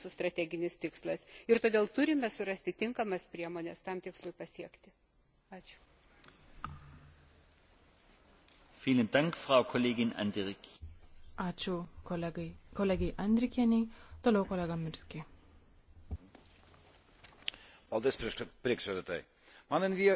mūsų strateginis tikslas ir todėl turime surasti tinkamas priemonės tam tikslui pasiekti. Ačiū. Ačiū kolegai, kolegai Andrikieniai, toliau kolega Mirski. Paldies priekšsēdētāji. Man envie